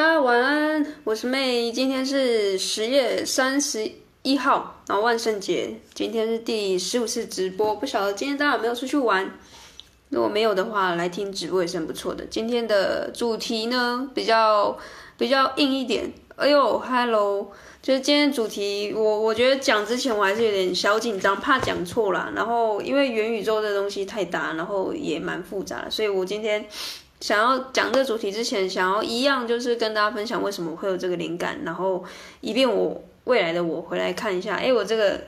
大家晚安，我是妹。今天是十月三十一號，然後萬聖節。今天是第十五次直播，不曉得今天大家有沒有出去玩？如果沒有的話，來聽直播也是很不錯的。今天的主題呢，比較比較硬一點。哎呦，Hello，就是今天主題，我我覺得講之前我還是有點小緊張，怕講錯啦。然後因為元宇宙這東西太大，然後也蠻複雜的，所以我今天。想要講這個主題之前，想要一樣就是跟大家分享為什麼會有這個靈感，然後以便我未來的我回來看一下，哎、欸，我這個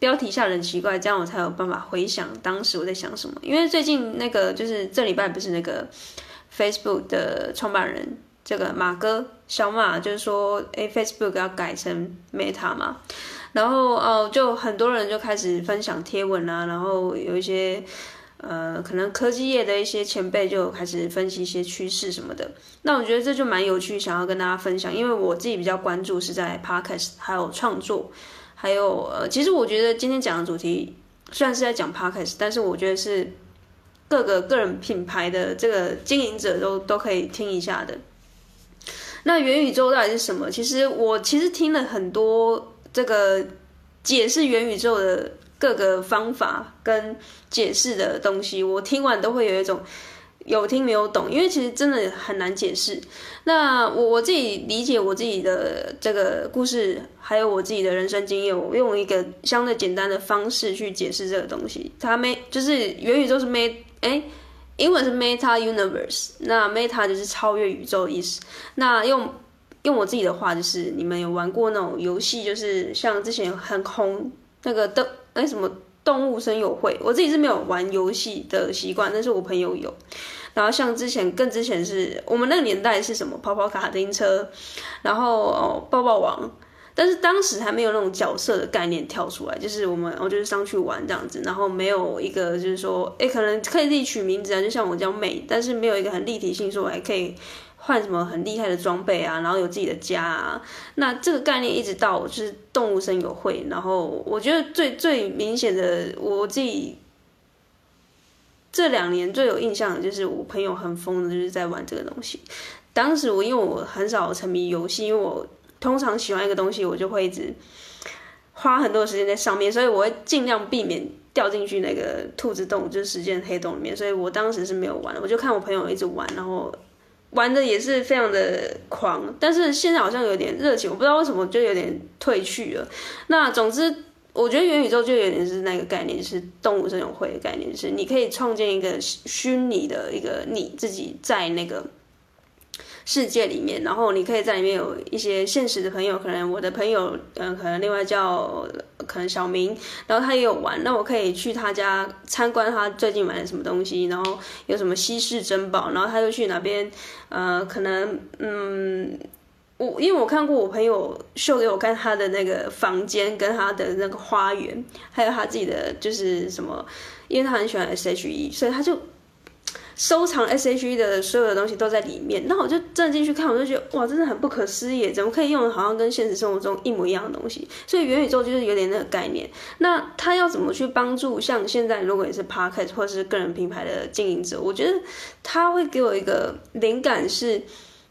標題下得很奇怪，這樣我才有辦法回想當時我在想什麼。因為最近那個就是這禮拜不是那個 Facebook 的創辦人這個馬哥小馬，就是說、欸、Facebook 要改成 Meta 嘛，然後哦、呃、就很多人就開始分享貼文啊，然後有一些。呃，可能科技業的一些前輩就開始分析一些趨勢什麼的。那我覺得這就蠻有趣，想要跟大家分享，因為我自己比較關注是在 Podcast，還有創作，還有呃，其實我覺得今天講的主題雖然是在講 Podcast，但是我覺得是各個個人品牌的這個經營者都都可以聽一下的。那元宇宙到底是什麼？其實我其實聽了很多這個解釋元宇宙的。各個方法跟解釋的東西，我聽完都會有一種有聽沒有懂，因為其實真的很難解釋。那我我自己理解我自己的這個故事，還有我自己的人生經驗，我用一個相對簡單的方式去解釋這個東西。它沒就是元宇宙是沒，e 哎，英文是 Meta Universe，那 Meta 就是超越宇宙的意思。那用用我自己的話就是，你們有玩過那種遊戲，就是像之前很紅那個的。那、欸、什麼動物森友會？我自己是沒有玩遊戲的習慣，但是我朋友有。然後像之前，更之前是我們那個年代是什麼，跑跑卡丁車，然後哦爆爆王。但是當時還沒有那種角色的概念跳出來，就是我們，我、哦、就是上去玩這樣子，然後沒有一個就是說，哎、欸，可能可以自己取名字啊，就像我這樣美，但是沒有一個很立體性說我還可以。換什麼很厲害的裝備啊，然後有自己的家啊，那這個概念一直到就是動物森友會，然後我覺得最最明顯的我自己這兩年最有印象的就是我朋友很瘋的就是在玩這個東西，當時我因為我很少沉迷遊戲，因為我通常喜歡一個東西我就會一直花很多時間在上面，所以我會儘量避免掉進去那個兔子洞就是時間黑洞裡面，所以我當時是沒有玩，我就看我朋友一直玩，然後。玩的也是非常的狂，但是現在好像有點熱情，我不知道為什麼就有點褪去了。那總之，我覺得元宇宙就有點是那個概念，就是動物森友會的概念，就是你可以創建一個虛擬的一個你自己在那個。世界裡面，然後你可以在裡面有一些現實的朋友，可能我的朋友，嗯、呃，可能另外叫可能小明，然後他也有玩，那我可以去他家參觀他最近買了什麼東西，然後有什麼稀世珍寶，然後他就去那邊，呃，可能，嗯，我因為我看過我朋友秀給我看他的那個房間跟他的那個花園，還有他自己的就是什麼，因為他很喜歡 S.H.E，所以他就。收藏 SHE 的所有的東西都在裡面，那我就站進去看，我就覺得哇，真的很不可思議，怎麼可以用的，好像跟現實生活中一模一樣的東西。所以元宇宙就是有點那個概念。那他要怎麼去幫助像現在，如果也是 Podcast 或是個人品牌的經營者，我覺得他會給我一個靈感是，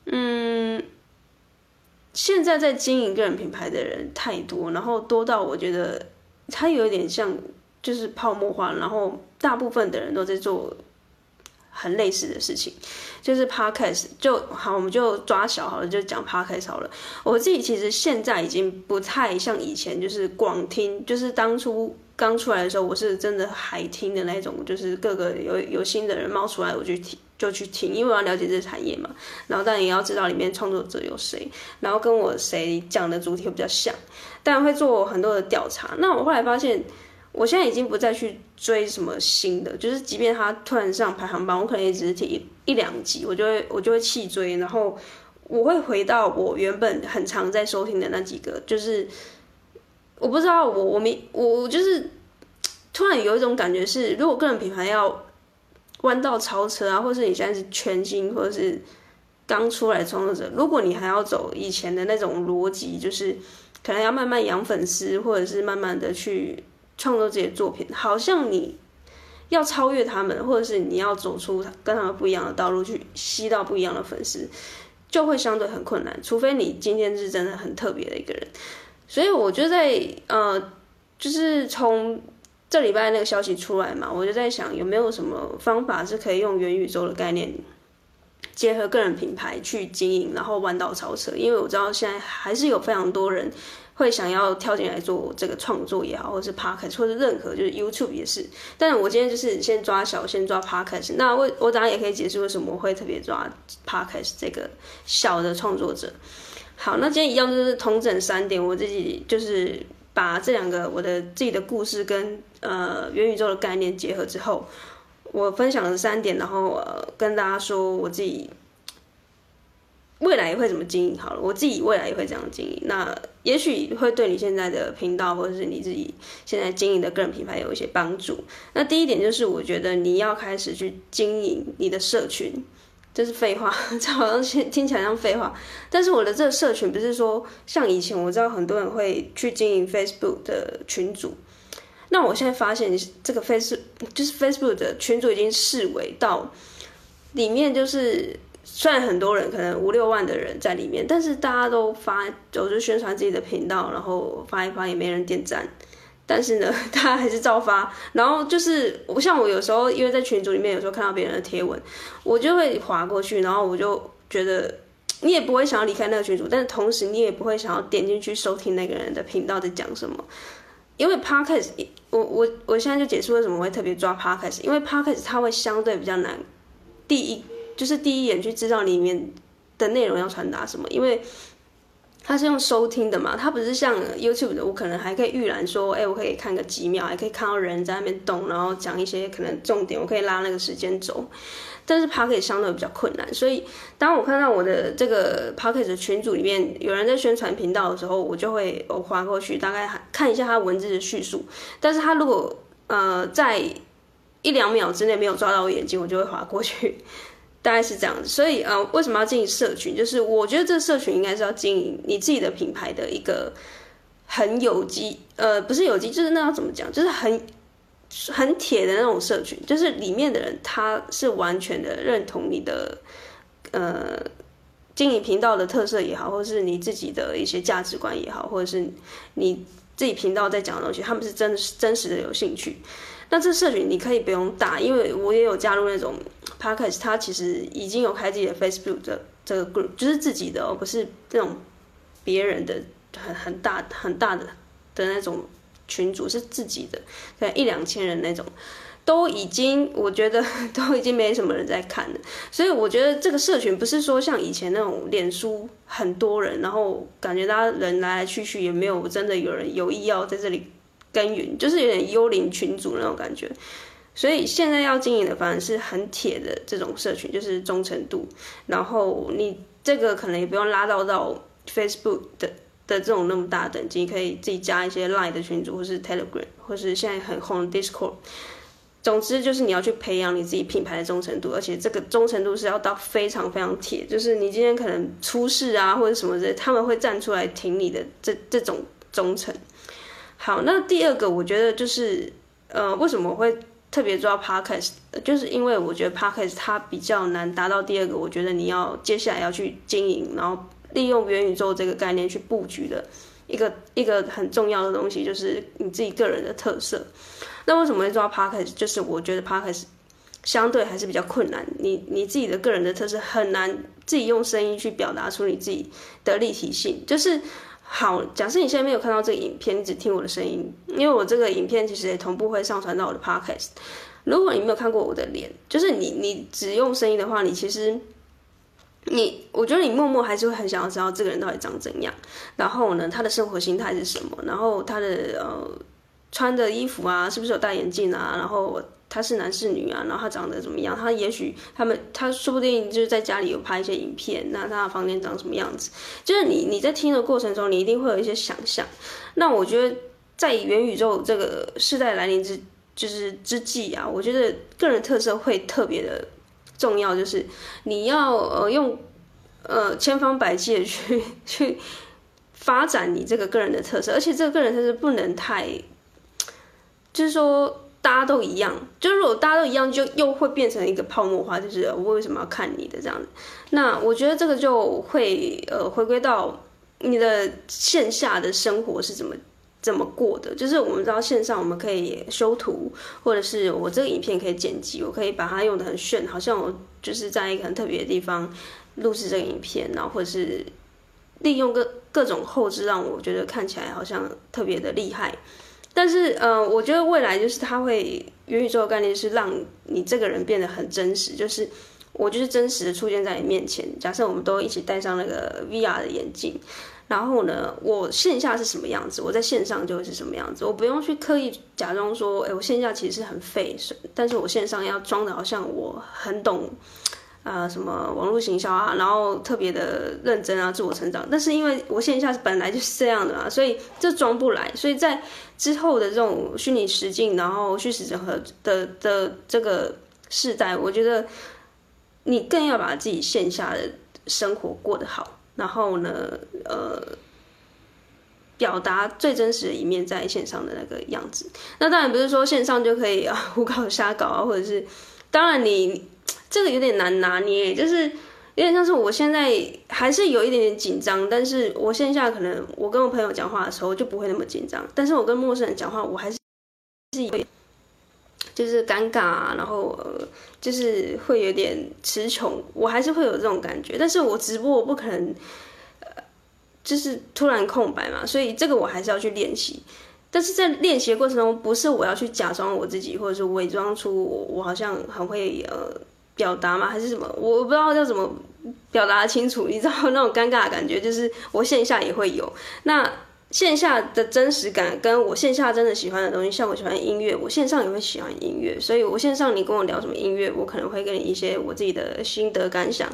嗯，現在在經營個人品牌的人太多，然後多到我覺得他有點像就是泡沫化，然後大部分的人都在做。很類似的事情，就是 Podcast 就好，我們就抓小好了，就講 Podcast 好了。我自己其實現在已經不太像以前，就是廣聽，就是當初剛出來的時候，我是真的還聽的那種，就是各個有有新的人冒出來，我就聽就去聽，因為我要了解這個產業嘛。然後，但也要知道裡面創作者有誰，然後跟我誰講的主題會比較像，但會做很多的調查。那我後來發現。我現在已經不再去追什麼新的，就是即便它突然上排行榜，我可能也只是聽一兩集，我就會我就會棄追，然後我會回到我原本很常在收聽的那幾個。就是我不知道我，我我沒我我就是突然有一種感覺是，如果個人品牌要彎道超車啊，或是你現在是全新或者是剛出來創作者，如果你還要走以前的那種邏輯，就是可能要慢慢養粉絲，或者是慢慢的去。創作自己的作品，好像你要超越他們，或者是你要走出跟他們不一樣的道路，去吸到不一樣的粉絲，就會相對很困難。除非你今天是真的很特別的一個人。所以，我就在呃，就是從這禮拜那個消息出來嘛，我就在想有沒有什麼方法是可以用元宇宙的概念結合個人品牌去經營，然後彎道超車。因為我知道現在還是有非常多人。會想要跳進來做這個創作也好，或者是 Podcast 或者是任何，就是 YouTube 也是。但我今天就是先抓小，先抓 Podcast。那我我當然也可以解釋為什麼我會特別抓 Podcast 這個小的創作者。好，那今天一樣就是統整三點，我自己就是把這兩個我的自己的故事跟呃元宇宙的概念結合之後，我分享了三點，然後，呃，跟大家說我自己。未來也會怎麼經營好了，我自己未來也會這樣經營。那也許會對你現在的頻道或者是你自己現在經營的個人品牌有一些幫助。那第一點就是，我覺得你要開始去經營你的社群，這是廢話，這好像聽起來像廢話。但是我的這個社群不是說像以前，我知道很多人會去經營 Facebook 的群組，那我現在發現這個 Facebook 就是 Facebook 的群組已經視為到裡面就是。雖然很多人可能五六萬的人在裡面，但是大家都發，都就宣傳自己的頻道，然後發一發也沒人點讚，但是呢，大家還是照發。然後就是，像我有時候因為在群組裡面，有時候看到別人的貼文，我就會劃過去，然後我就覺得你也不會想要離開那個群組，但同時你也不會想要點進去收聽那個人的頻道在講什麼，因為 Podcast，我我我現在就解釋為什麼會特別抓 Podcast，因為 Podcast 它會相對比較難，第一。就是第一眼去知道裡面的內容要傳達什麼，因為它是用收聽的嘛，它不是像 YouTube 的，我可能還可以預覽說，哎、欸，我可以看個幾秒，還可以看到人在那邊動，然後講一些可能重點，我可以拉那個時間軸。但是 Podcast 相對比較困難，所以當我看到我的這個 p o d c a e t 群組裡面有人在宣傳頻道的時候，我就會我劃過去，大概看一下他文字的敘述。但是他如果呃在一兩秒之內沒有抓到我眼睛，我就會劃過去。大概是這樣子，所以呃、啊，為什麼要經營社群？就是我覺得這社群應該是要經營你自己的品牌的一個很有機，呃，不是有機，就是那要怎麼講？就是很很鐵的那種社群，就是裡面的人他是完全的認同你的，呃，經營頻道的特色也好，或者是你自己的一些價值觀也好，或者是你自己頻道在講的東西，他們是真的是真實的有興趣。那這社群你可以不用打，因為我也有加入那種 Podcast，他其實已經有開自己的 Facebook 這這個 group，就是自己的哦，不是這種別人的很很大很大的的那種群組，是自己的，對，一兩千人那種。都已經，我覺得都已經沒什麼人在看了，所以我覺得這個社群，不是說像以前那種臉書很多人，然後感覺大家人來來去去，也沒有真的有人有意要在這裡耕耘，就是有點幽靈群組，那種感覺。所以現在要經營的反而是很鐵的這種社群，就是忠誠度。然後你這個可能也不用拉到到 Facebook 的的這種那麼大等級，可以自己加一些 Line 的群組，或是 Telegram，或是現在很紅的 Discord。總之就是你要去培養你自己品牌的忠誠度，而且這個忠誠度是要到非常非常鐵，就是你今天可能出事啊或者什麼的，他們會站出來挺你的這這種忠誠。好，那第二個我覺得就是呃，為什麼我會特別抓 Podcast？就是因為我覺得 Podcast 它比較難達到第二個，我覺得你要接下來要去經營，然後利用元宇宙這個概念去布局的一個一個很重要的東西，就是你自己個人的特色。那為什麼會抓 Podcast？就是我覺得 Podcast 相對還是比較困難。你你自己的個人的特色很難自己用聲音去表達出你自己的立體性，就是好，假設你現在沒有看到這個影片，你只聽我的聲音，因為我這個影片其實也同步會上傳到我的 Podcast。如果你沒有看過我的臉，就是你你只用聲音的話，你其實你我覺得你默默還是會很想要知道這個人到底長怎樣，然後呢，他的生活心態是什麼，然後他的，呃。穿的衣服啊，是不是有戴眼鏡啊？然後他是男是女啊？然後他長得怎麼樣？他也許他們他說不定就是在家裡有拍一些影片。那他的房間長什麼樣子？就是你你在聽的過程中，你一定會有一些想象。那我覺得在元宇宙這個世代來臨之就是之際啊，我覺得個人特色會特別的重要。就是你要呃用呃千方百計的去去發展你這個個人的特色，而且這個個人特色不能太。就是說，大家都一樣。就是、如果大家都一樣，就又會變成一個泡沫化。就是我為什麼要看你的這樣子？那我覺得這個就會呃，回歸到你的線下的生活是怎麼怎麼過的。就是我們知道線上我們可以修圖，或者是我這個影片可以剪輯，我可以把它用得很炫，好像我就是在一個很特別的地方錄制這個影片，然後或者是利用各各種後製，讓我覺得看起來好像特別的厲害。但是，嗯、呃，我覺得未來就是它會，元宇宙的概念是讓你這個人變得很真實，就是我就是真實的出現在你面前。假設我們都一起戴上那個 VR 的眼鏡，然後呢，我線下是什麼樣子，我在線上就是什麼樣子，我不用去刻意假裝說，哎，我線下其實是很費神，但是我線上要裝的好像我很懂。啊、呃，什麼網絡行銷啊，然後特別的認真啊，自我成長。但是因為我線下本來就是這樣的嘛，所以這裝不來。所以在之後的這種虛擬實境，然後虛實整合的的，的這個世代，我覺得你更要把自己線下的生活過得好，然後呢，呃，表達最真實的一面在線上的那個樣子。那當然不是說線上就可以啊胡搞瞎搞啊，或者是當然你。這個有點難拿捏，就是有點像是我現在還是有一點點緊張，但是我線下可能我跟我朋友講話的時候就不會那麼緊張，但是我跟陌生人講話，我還是是就是尷尬啊，然後，呃，就是會有點詞窮，我還是會有這種感覺，但是我直播我不可能，呃，就是突然空白嘛，所以這個我還是要去練習，但是在練習的過程中，不是我要去假裝我自己，或者是偽裝出我，我好像很會呃。表達嗎？還是什麼？我不知道要怎麼表達清楚。你知道那種尷尬的感覺，就是我線下也會有。那線下的真實感，跟我線下真的喜歡的東西，像我喜歡音樂，我線上也會喜歡音樂。所以我線上你跟我聊什麼音樂，我可能會給你一些我自己的心得感想。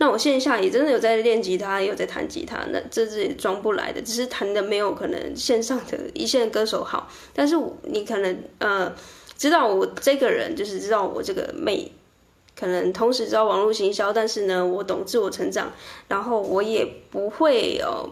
那我線下也真的有在練吉他，也有在彈吉他。那這是裝不來的，只是彈的沒有可能線上的一線歌手好。但是你可能呃，知道我這個人，就是知道我這個妹。可能同時知道網絡行銷，但是呢，我懂自我成長，然後我也不會哦，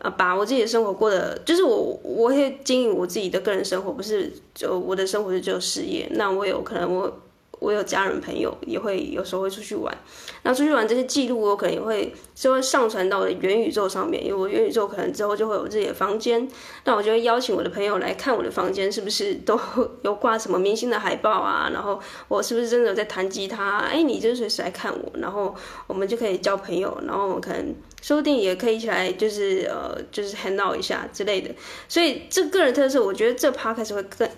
啊，把我自己的生活過得，就是我，我會經營我自己的個人生活，不是就我的生活是只有事業，那我也有可能我。我有家人朋友也會有時候會出去玩，那出去玩這些記錄我可能也會就會上傳到我的元宇宙上面，因為我元宇宙可能之後就會有自己的房間，那我就會邀請我的朋友來看我的房間是不是都有掛什麼明星的海報啊，然後我是不是真的有在彈吉他？哎，你就隨時來看我，然後我們就可以交朋友，然後我可能說不定也可以一起來就是呃就是 hang out 一下之類的。所以這個人特色，我覺得這趴開始會更。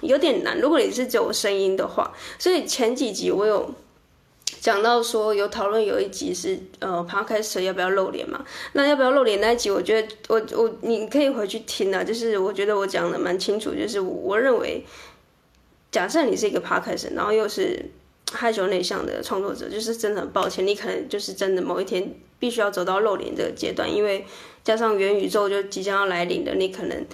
有點難，如果你是只有聲音的話，所以前幾集我有講到說有討論，有一集是呃 Podcast 要不要露臉嘛？那要不要露臉那一集，我覺得我我你可以回去聽啊，就是我覺得我講的蠻清楚，就是我，我認為，假設你是一個 Podcast 然後又是害羞內向的創作者，就是真的很抱歉，你可能就是真的某一天必須要走到露臉這個階段，因為加上元宇宙就即將要來臨的，你可能。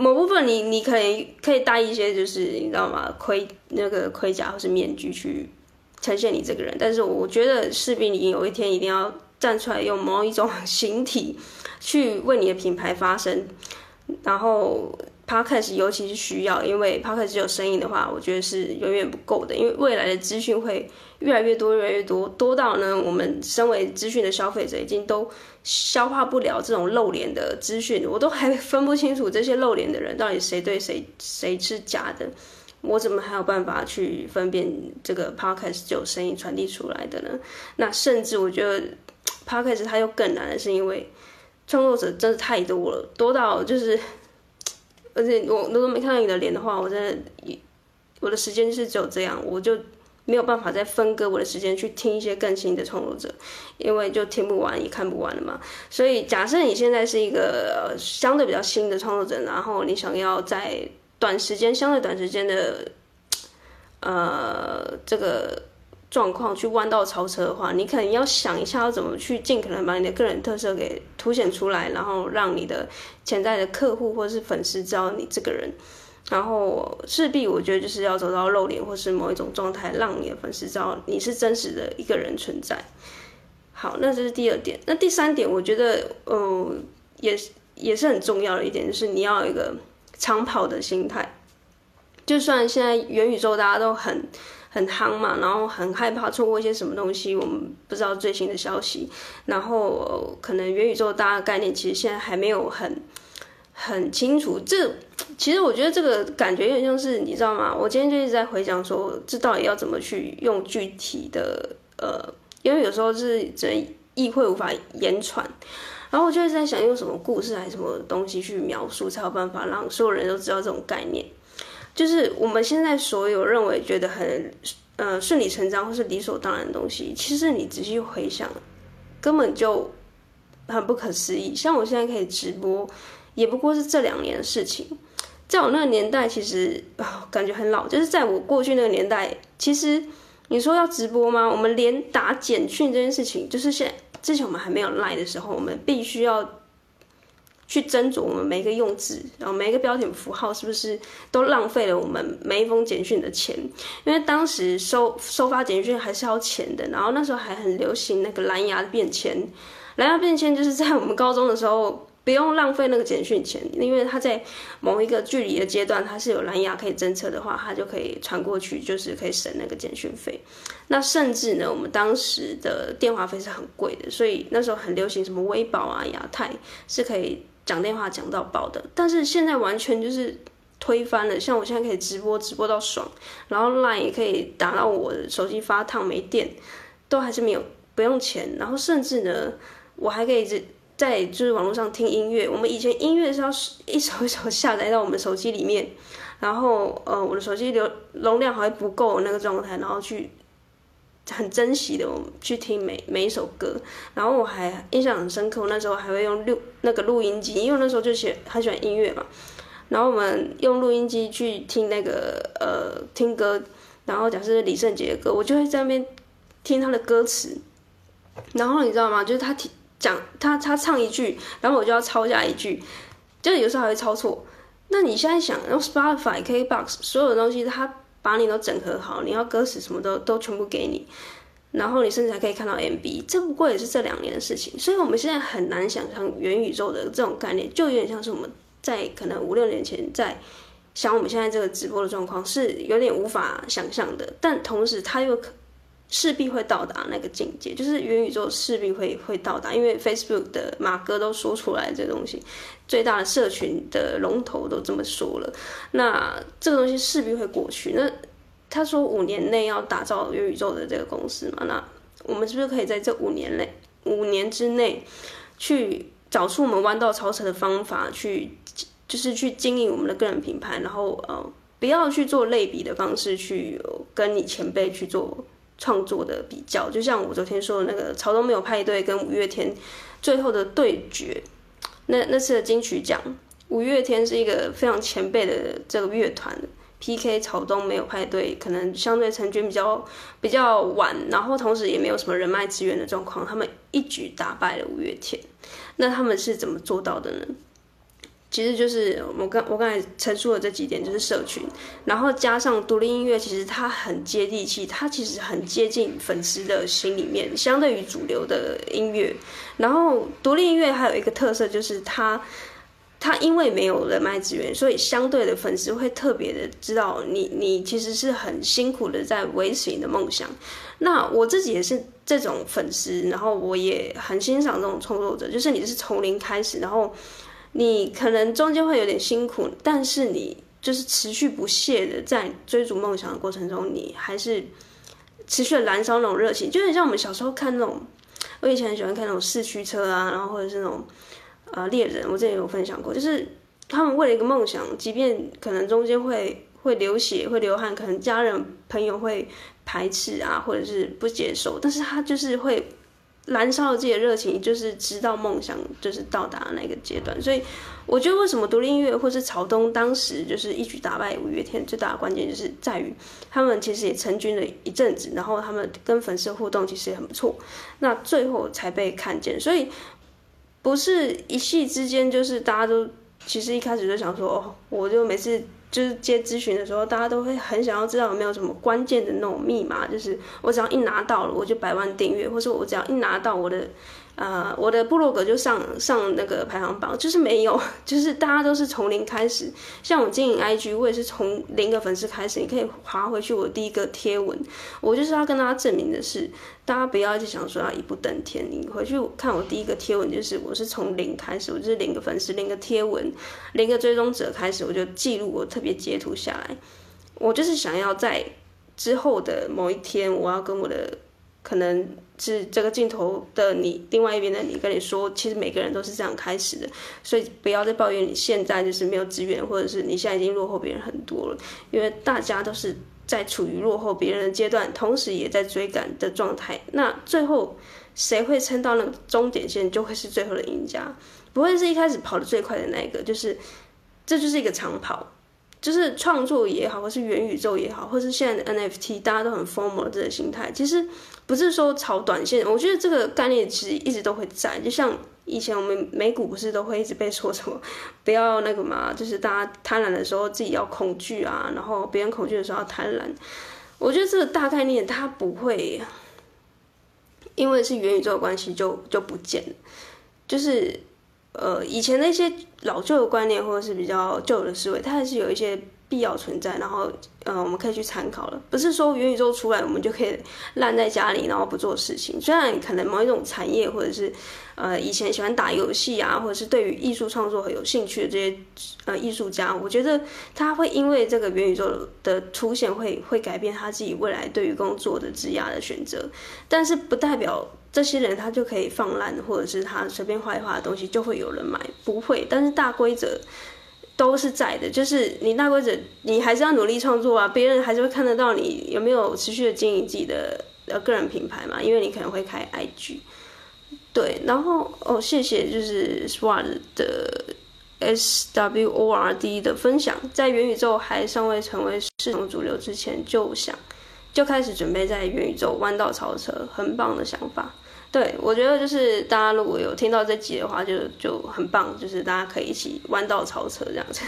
某部分你你可以可以戴一些，就是你知道嗎？盔那個盔甲或是面具去呈現你這個人，但是我覺得勢必你有一天一定要站出來，用某一種形體去為你的品牌發聲，然後。Podcast 尤其是需要，因為 Podcast 只有聲音的話，我覺得是遠遠不夠的。因為未來的資訊會越來越多，越來越多，多到呢，我們身為資訊的消費者已經都消化不了這種露臉的資訊，我都還分不清楚這些露臉的人到底誰對誰，誰是假的，我怎麼還有辦法去分辨這個 Podcast 只有聲音傳遞出來的呢？那甚至我覺得 Podcast 它又更難的是，因為創作者真的太多了，多到就是。而且我如果沒看到你的臉的話，我真的，我的時間是只有這樣，我就沒有辦法再分割我的時間去聽一些更新的創作者，因為就聽不完也看不完了嘛。所以假設你現在是一個相對比較新的創作者，然後你想要在短時間、相對短時間的，呃，這個狀況去彎道超車的話，你可能要想一下要怎麼去盡可能把你的個人特色給凸顯出來，然後讓你的潛在的客戶或是粉絲知道你這個人，然後勢必我覺得就是要走到露臉或是某一種狀態，讓你的粉絲知道你是真實的一個人存在。好，那這是第二點，那第三點我覺得，呃，也是也是很重要的一點，就是你要有一個長跑的心態，就算現在元宇宙大家都很。很夯嘛，然後很害怕錯過一些什麼東西，我們不知道最新的消息。然後可能元宇宙大家的概念其實現在還沒有很很清楚。這其實我覺得這個感覺有點像是你知道嗎？我今天就一直在回想說，這到底要怎麼去用具體的呃，因為有時候是只能意會無法言傳。然後我就一直在想用什麼故事還是什麼東西去描述，才有辦法讓所有人都知道這種概念。就是我們現在所有認為覺得很，呃，順理成章或是理所當然的東西，其實你仔細回想，根本就很不可思議。像我現在可以直播，也不過是這兩年的事情。在我那個年代，其實啊、哦，感覺很老。就是在我過去那個年代，其實你說要直播嗎？我們連打簡訊這件事情，就是現在之前我們還沒有 LINE 的時候，我們必須要去斟酌我們每一個用字，然後每一個標點符號是不是都浪費了我們每一封簡訊的錢？因為當時收收發簡訊還是要錢的。然後那時候還很流行那個藍牙變遷，藍牙變遷就是在我們高中的時候不用浪費那個簡訊錢，因為它在某一個距離的階段，它是有藍牙可以偵測的話，它就可以傳過去，就是可以省那個簡訊費。那甚至呢，我們當時的電話費是很貴的，所以那時候很流行什麼威寶啊、亞太是可以。講電話講到爆的，但是現在完全就是推翻了。像我現在可以直播，直播到爽，然後 Line 也可以打到我手機發燙沒電，都還是沒有不用錢。然後甚至呢，我還可以在就是網絡上聽音樂。我們以前音樂是要一首一首下載到我們手機裡面，然後呃我的手機流容量還不夠那個狀態，然後去。很珍惜的，我去聽每每一首歌，然後我還印象很深刻。那時候還會用錄那個錄音機，因為那時候就喜很喜歡音樂嘛。然後我們用錄音機去聽那個呃聽歌，然後假設李聖杰的歌，我就會在那邊聽他的歌詞。然後你知道嗎？就是他聽講他他唱一句，然後我就要抄下一句，就有時候還會抄錯。那你現在想用 Spotify、KBox 所有的東西，他。把你都整合好，你要歌詞什麼都都全部給你，然後你甚至還可以看到 MV。這不過也是這兩年的事情，所以我們現在很難想象元宇宙的這種概念，就有點像是我們在可能五六年前在想我們現在這個直播的狀況是有點無法想象的。但同時，它又勢必會到達那個境界，就是元宇宙勢必會會到達，因為 Facebook 的馬哥都說出來這東西。最大的社群的龍頭都這麼說了，那這個東西勢必會過去。那他說五年內要打造元宇宙的這個公司嘛？那我們是不是可以在這五年內、五年之內，去找出我們彎道超車的方法，去就是去經營我們的個人品牌，然後呃，不要去做類比的方式去跟你前輩去做創作的比較。就像我昨天說的那個草東沒有派對跟五月天最後的對決。那那次的金曲獎，五月天是一個非常前輩的這個樂團，PK 草東沒有派對，可能相對成軍比較比較晚，然後同時也沒有什麼人脈資源的狀況，他們一舉打敗了五月天，那他們是怎麼做到的呢？其實就是我剛我剛才陳述的這幾點，就是社群，然後加上獨立音樂，其實它很接地氣，它其實很接近粉絲的心裡面，相對於主流的音樂。然後獨立音樂還有一個特色就是它，它因為沒有人脈資源，所以相對的粉絲會特別的知道你，你其實是很辛苦的在維持你的夢想。那我自己也是這種粉絲，然後我也很欣賞這種創作者，就是你是從零開始，然後。你可能中間會有點辛苦，但是你就是持續不懈的在追逐夢想的過程中，你還是持續的燃燒那種熱情，就是像我們小時候看那種，我以前很喜歡看那種四驅車啊，然後或者是那種，呃，獵人，我之前有分享過，就是他們為了一個夢想，即便可能中間會會流血、會流汗，可能家人朋友會排斥啊，或者是不接受，但是他就是會。燃燒了自己的熱情，就是直到夢想就是到達那個階段，所以我覺得為什麼獨立音樂或是草東當時就是一舉打敗五月天最大的關鍵就是在於他們其實也成軍了一陣子，然後他們跟粉絲互動其實也很不錯，那最後才被看見，所以不是一夕之間，就是大家都其實一開始就想說哦，我就每次。就是接諮詢的時候，大家都會很想要知道有沒有什麼關鍵的那種密碼，就是我只要一拿到了，我就百萬訂閱，或者我只要一拿到我的。呃，我的部落格就上上那個排行榜，就是沒有，就是大家都是從零開始。像我經營 IG，我也是從零個粉絲開始。你可以滑回去，我第一個貼文，我就是要跟大家證明的是，大家不要一直想說要一步登天。你回去看我第一個貼文，就是我是從零開始，我就是零個粉絲，零個貼文，零個追蹤者開始，我就記錄，我特別截圖下來。我就是想要在之後的某一天，我要跟我的。可能是這個鏡頭的你，另外一邊的你跟你說，其實每個人都是這樣開始的，所以不要再抱怨你現在就是沒有資源，或者是你現在已經落後別人很多了，因為大家都是在處於落後別人的階段，同時也在追趕的狀態。那最後誰會撐到那個終點線，就會是最後的贏家，不會是一開始跑得最快的那一個，就是這就是一個長跑。就是創作也好，或是元宇宙也好，或是現在的 NFT，大家都很瘋魔這個心態。其實不是說炒短線，我覺得這個概念其實一直都會在。就像以前我們美股不是都會一直被說什麼不要那個嘛，就是大家貪婪的時候自己要恐懼啊，然後別人恐懼的時候要貪婪。我覺得這個大概念它不會因為是元宇宙的關係就就不見了，就是。呃，以前那些老舊的觀念或者是比較舊的思維，它還是有一些必要存在。然後，呃，我們可以去參考了。不是說元宇宙出來，我們就可以爛在家裡，然後不做事情。雖然可能某一種產業或者是，呃，以前喜歡打遊戲啊，或者是對於藝術創作很有興趣的這些呃藝術家，我覺得他會因為這個元宇宙的出現會會改變他自己未來對於工作的職業的選擇，但是不代表。這些人他就可以放爛，或者是他隨便畫一畫的東西就會有人買，不會。但是大規則都是在的，就是你大規則你還是要努力創作啊，別人還是會看得到你有沒有持續的經營自己的呃個人品牌嘛，因為你可能會開 IG。對，然後哦，謝謝就是 SWORD 的 S W O R D 的分享，在元宇宙還尚未成為市場主流之前就想。就開始準備在元宇宙彎道超車，很棒的想法。對，我覺得就是大家如果有聽到這集的話就，就就很棒，就是大家可以一起彎道超車這樣子。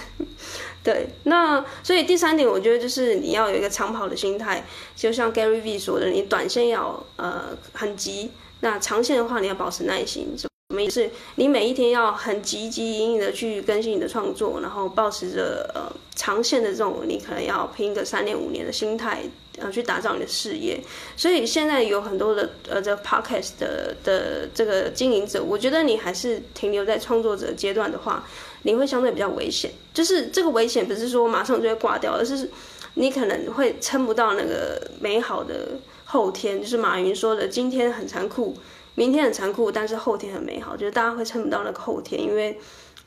對，那所以第三點，我覺得就是你要有一個長跑的心態，就像 Gary V 說的，你短線要呃很急，那長線的話你要保持耐心。是我們也是，你每一天要很積極、隱隱的去更新你的創作，然後保持着呃長線的這種，你可能要拼個三年、五年的心態，呃，去打造你的事業。所以現在有很多的呃，這個、Podcast 的的這個經營者，我覺得你還是停留在創作者階段的話，你會相對比較危險。就是這個危險不是說馬上就會掛掉，而是你可能會撐不到那個美好的後天。就是馬雲說的，今天很殘酷。明天很殘酷，但是後天很美好。就是大家會撐不到那個後天，因為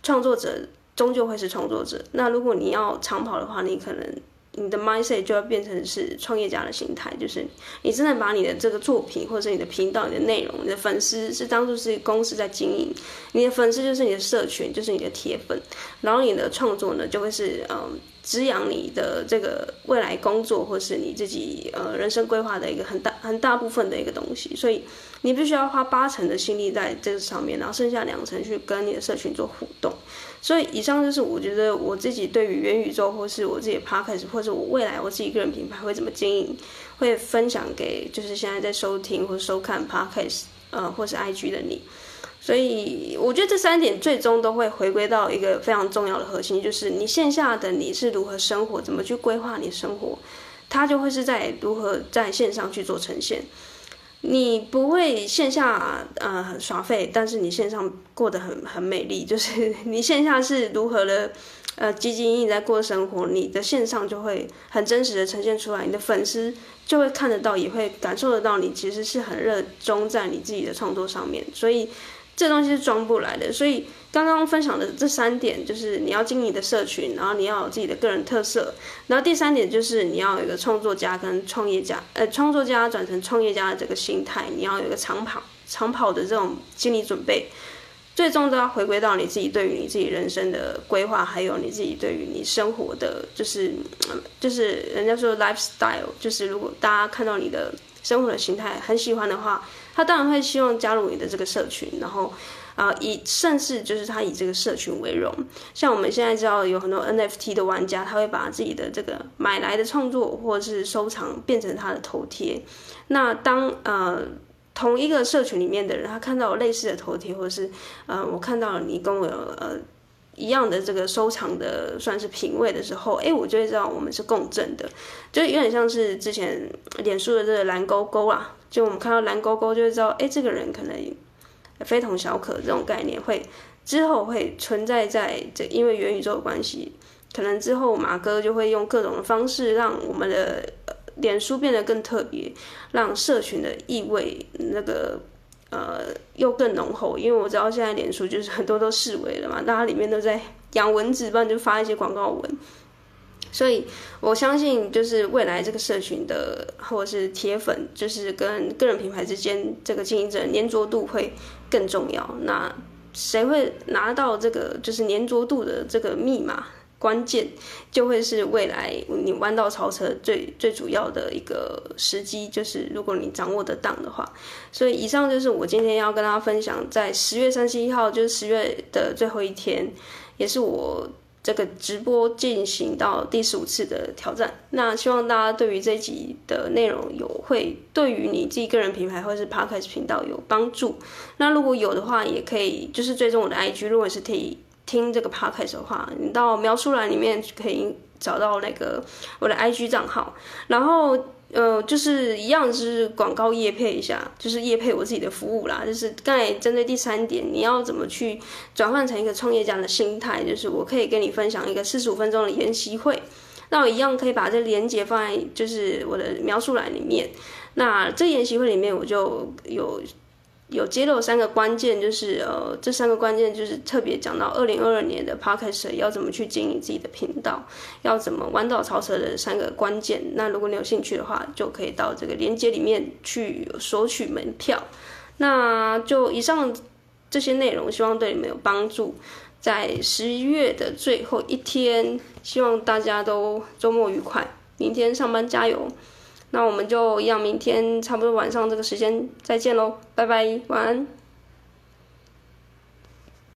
創作者終究會是創作者。那如果你要長跑的話，你可能你的 mindset 就要變成是創業家的心態，就是你真的把你的這個作品，或者是你的頻道、你的內容、你的粉絲，是當做是公司在經營。你的粉絲就是你的社群，就是你的鐵粉。然後你的創作呢，就會是嗯，滋養你的這個未來工作，或是你自己呃人生規劃的一個很大很大部分的一個東西，所以你必須要花八成的心力在這個上面，然後剩下兩成去跟你的社群做互動。所以以上就是我覺得我自己對於元宇宙，或是我自己的 podcast，或者我未來我自己個人品牌會怎麼經營，會分享給就是現在在收聽或收看 podcast，呃，或是 IG 的你。所以我覺得這三點最終都會回歸到一個非常重要的核心，就是你線下的你是如何生活，怎麼去規劃你的生活，它就會是在如何在線上去做呈現。你不會線下呃很耍廢，但是你線上過得很很美麗，就是你線下是如何的呃兢兢業業在過生活，你的線上就會很真實的呈現出來，你的粉絲就會看得到，也會感受得到你其實是很熱衷在你自己的創作上面，所以。這東西是裝不來的，所以剛剛分享的這三點就是你要經營的社群，然後你要有自己的個人特色，然後第三點就是你要有一個創作家跟創業家，呃，創作家轉成創業家的這個心態，你要有一個長跑長跑的這種心理準備，最終都要回歸到你自己對於你自己人生的規劃，還有你自己對於你生活的就是就是人家說 lifestyle，就是如果大家看到你的生活的形態很喜歡的話。他當然會希望加入你的這個社群，然後，呃，以甚至就是他以這個社群為榮。像我們現在知道有很多 NFT 的玩家，他會把自己的這個買來的創作或是收藏變成他的頭貼。那當呃同一個社群裡面的人，他看到類似的頭貼，或者是呃我看到你跟我有呃一樣的這個收藏的算是品味的時候，哎，我就會知道我們是共振的，就是有點像是之前臉書的這個藍勾勾啦、啊。就我們看到藍勾勾，就會知道，哎、欸，這個人可能非同小可。這種概念會之後會存在在這，因為元宇宙的關係，可能之後馬哥就會用各種方式讓我們的臉書變得更特別，讓社群的意味那個呃又更濃厚。因為我知道現在臉書就是很多都式微了嘛，大家裡面都在養蚊子，不然就發一些廣告文。所以，我相信，就是未來這個社群的，或者是鐵粉，就是跟個人品牌之間這個經營者的粘着度會更重要。那誰會拿到這個就是粘着度的這個密碼？關鍵就會是未來你彎道超車最最主要的一個時機，就是如果你掌握得當的話。所以，以上就是我今天要跟大家分享，在十月三十一號，就是十月的最後一天，也是我。這個直播進行到第十五次的挑戰，那希望大家對於這集的內容有會，對於你自己個人品牌或者是 Podcast 頻道有幫助。那如果有的話，也可以就是追蹤我的 IG，如果是可以聽這個 Podcast 的話，你到描述欄裡面可以找到那個我的 IG 賬號，然後。呃、嗯，就是一樣，就是廣告業配一下，就是業配我自己的服務啦。就是在針對第三點，你要怎麼去轉換成一個創業家的心態？就是我可以跟你分享一個四十五分鐘的研習會，那我一樣可以把這鏈接放在就是我的描述欄裡面。那這研習會裡面我就有。有揭露三個關鍵，就是呃，這三個關鍵就是特別講到二零二二年的 Podcast 要怎麼去經營自己的頻道，要怎麼彎道超車的三個關鍵。那如果你有興趣的話，就可以到這個鏈接裡面去索取門票。那就以上這些內容，希望對你們有幫助。在十一月的最後一天，希望大家都周末愉快，明天上班加油。那我們就一樣，明天差不多晚上這個時間再見嘍，拜拜，晚安。